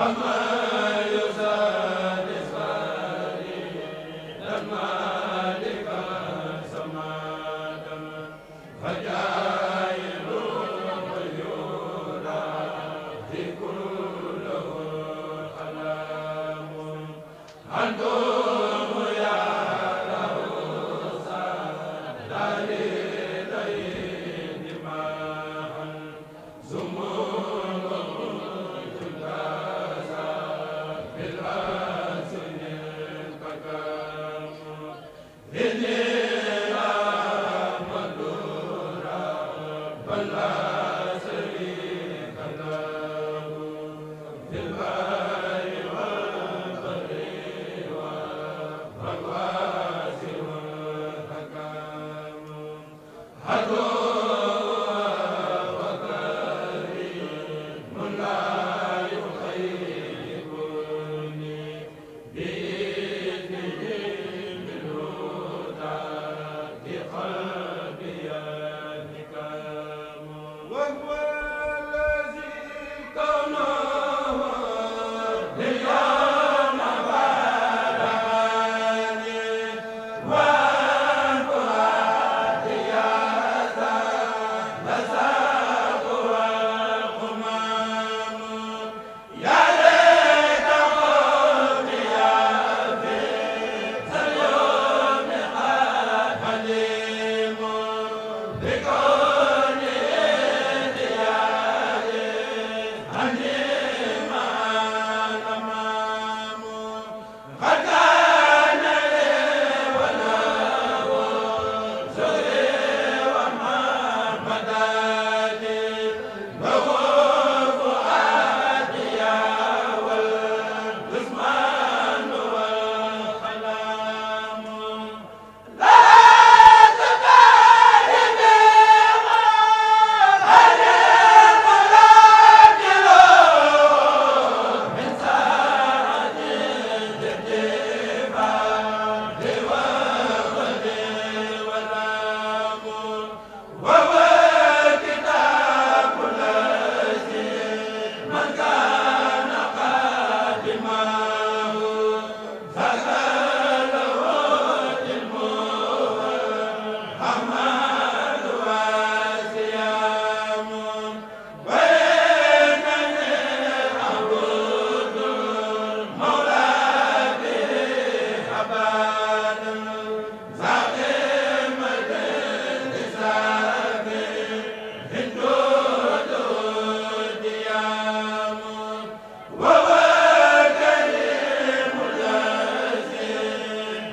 Allahu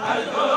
allo